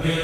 bi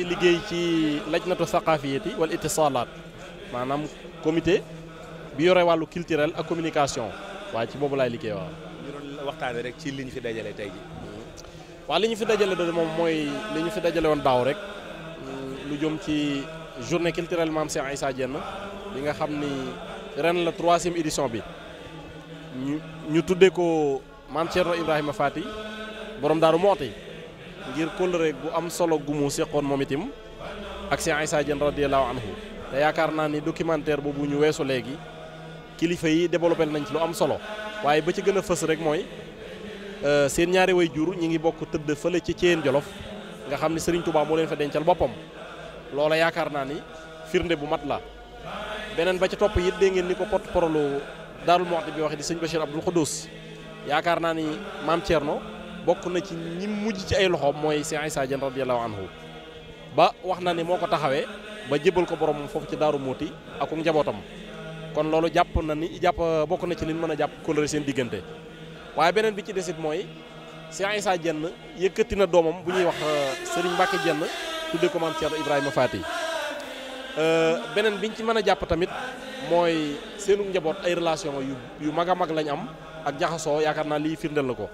ngi liggéey ci lajnatu saqafiyati wal ittisalaat maanaam comité bi yore wàllu culturel ak communication waaye ci boobu laay liggéey waaw. ñu waxtaanee rek ci li ñu fi dajale tey ji waaw li ñu fi dajale doo moom mooy li fi dajale woon daaw rek mm, lu jëm ci journée culturelle Mame Cheikh Issa Diène li nga xam ni ren la troisième édition bi ñu ñu tuddee ko Mame Thierno Ibrahima Fati borom Daaru Mooti ngir kóllëre gu am solo gu mu moom itam ak Cheikh Issa Diène radiyallahu anhu te yaakaar naa ni documentaire boobu ñu weesu léegi kilifa yi développé nañ ci lu am solo waaye ba ci gën a fës rek mooy euh, seen ñaari way jur ñi ngi bokk tëdd fële ci Thièyène Jolof nga xam ni Serigne Touba moo leen fa dencal boppam loola yaakaar naa ni firnde bu mat la beneen ba ci topp it dégg ngeen ni ko porte-parole Daarul Muxti bi waxee di sëñ Bachir Abdoul Khoudous yaakaar naa ni maam Thierno. bokk na ci ñi mujj ci ay loxoom mooy Cheikh Issa Diène radiyallahu anhu ba wax na ni moo ko taxawee ba jébal ko boromam foofu ci Daaru mooti ak um njabootam kon loolu jàpp na ni jàpp bokk na ci leen mën a jàpp kóllëre seen diggante waaye beneen bi ci desit mooy Cheikh Issa Diène yëkkati na doomam bu ñuy wax euh, Serigne Mbacke jenn tudde ko maam Thierno Ibrahima Faty euh, beneen biñ ci mën a jàpp tamit mooy seenu njaboot ay relation yu yu mag a mag lañ am ak jaxasoo yaakaar naa lii firndeel na ko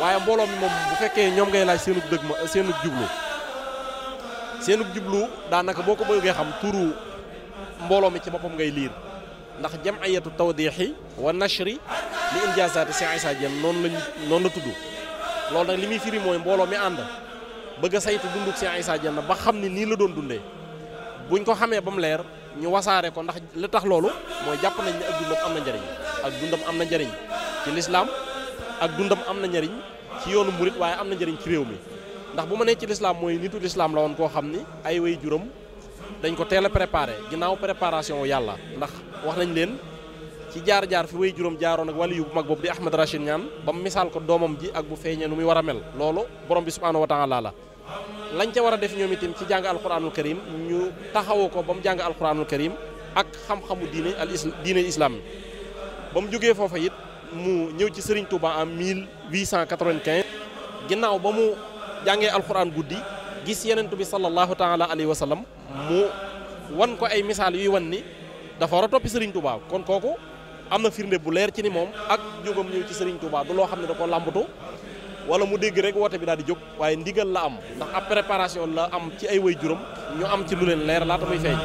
waaye mbooloo mi moom bu fekkee ñoom ngay laaj seenub dëgg ma seenub jublu seenub jublu daanaka boo ko bëggee xam turu mbooloo mi ci boppam ngay liir ndax jem ay jam'iyatu tawdiixi wa nashri li injaazaati Cheikh ay Diène noonu lañ noonu la tudd loolu nag li muy firi mooy mbooloo mi ànd bëgg a saytu dunduk ay Issa na ba xam ni nii la doon dundee buñ ko xamee ba mu leer ñu wasaare ko ndax li tax loolu mooy jàpp nañ ne ak am na njëriñ ak dundam am na njëriñ ci lislaam ak dundam am na njariñ ci yoonu murit waaye am na njariñ ci réew mi ndax bu ma nee ci lislaam mooy nitu lislaam la woon koo xam ni ay way juróom dañ ko teel a préparé ginnaaw préparation yàlla ndax wax nañ leen ci jaar-jaar fi way juróom jaaroon ak waliyu bu mag boobu di Ahmad Rachid ñaan ba mu misaal ko doomam ji ak bu feeñee nu muy war a mel loolu borom bi subhaanahu wa taala la lañ ca war a def ñoom itam ci jàng alquranul karim ñu taxawoo ko ba mu jàng alquranul karim ak xam-xamu diine diine islam ba mu jógee foofa it mu ñëw ci sëriñ Touba en 1895. ginnaaw ba mu jàngee alxuraan guddi gis yenentu bi sallallahu taala alayhi wa sallam mu wan ko ay misaal yuy wan ni dafa war a toppi Serigne Touba kon kooku am na firnde bu leer ci ni moom ak jógam ñëw ci Serigne Touba du loo xam ne da ko làmbatu wala mu dégg rek woote bi daal di jóg waaye ndigal la am ndax ab préparation la am ci ay way juróom ñu am ci lu leen leer laata muy feeñ.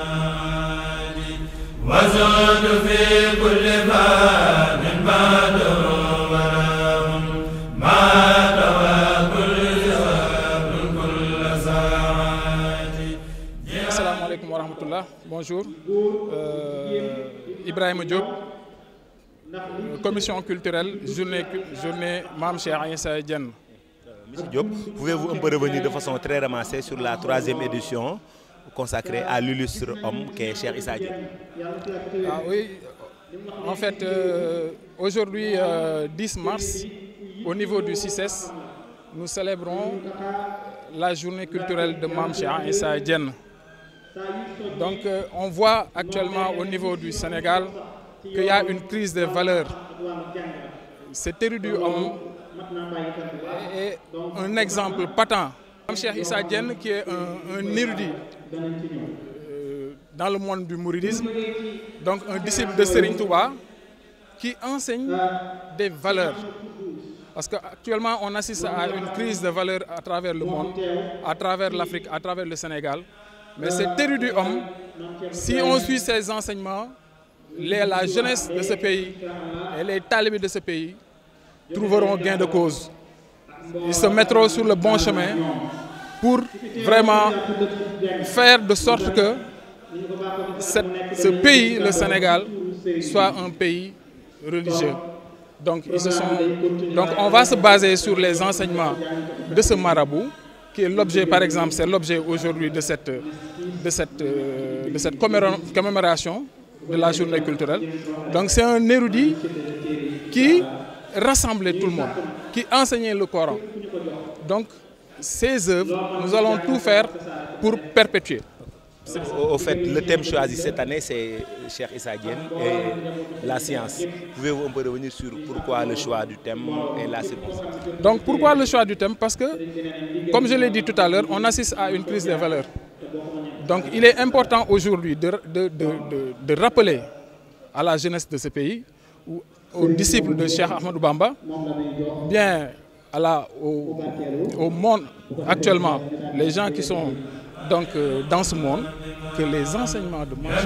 bonjour euh, Ibrahima Diop euh, commission culturelle journée journée Mame Cheikh Issa Diène. Monsieur Diop pouvez-vous un peu revenir de façon très ramassée sur la troisième édition consacré à l'illustre homme qu'est Cheikh Issa ah en fait, euh, aujourd'hui, euh, 10 mars, au niveau du CICES, e nous célébrons la journée culturelle de Mame Cheikh Issa Dièye. Donc, euh, on voit actuellement au niveau du Sénégal qu'il y a une crise des valeurs. Cet érudit homme est un exemple patent. Mame Cheikh Issa qui est un, un érudit danañ euh, dans le monde du mouridisme donc un disciple de Serigne Touba qui enseigne des valeurs parce que actuellement on assiste à une crise de valeurs à travers le monde à travers l'Afrique à travers le Sénégal mais cet érudit homme si on suit ses enseignements la jeunesse de ce pays et les talibés de ce pays trouveront gain de cause ils se mettront sur le bon chemin pour vraiment faire de sorte que cette, ce pays, le Sénégal, soit un pays religieux. Donc, ils se sont, donc on va se baser sur les enseignements de ce marabout, qui est l'objet, par exemple, c'est l'objet aujourd'hui de cette, de cette, de cette commémoration de la journée culturelle. Donc c'est un érudit qui rassemblait tout le monde, qui enseignait le Coran. ces œuvres, nous allons tout faire pour perpétuer. Au fait, le thème choisi cette année, c'est Cher Issa et la science. Pouvez-vous un peu revenir sur pourquoi le choix du thème et la circonstance Donc pourquoi le choix du thème Parce que, comme je l'ai dit tout à l'heure, on assiste à une crise des valeurs. Donc il est important aujourd'hui de, de, de, de, rappeler à la jeunesse de ce pays, ou aux disciples de Cheikh Ahmadou Bamba, bien à la, au, au, monde actuellement, les gens qui sont donc, euh, dans ce monde, que les enseignements de Moshe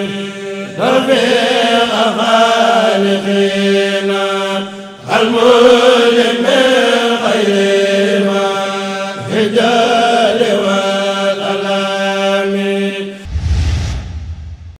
وفي الخالقين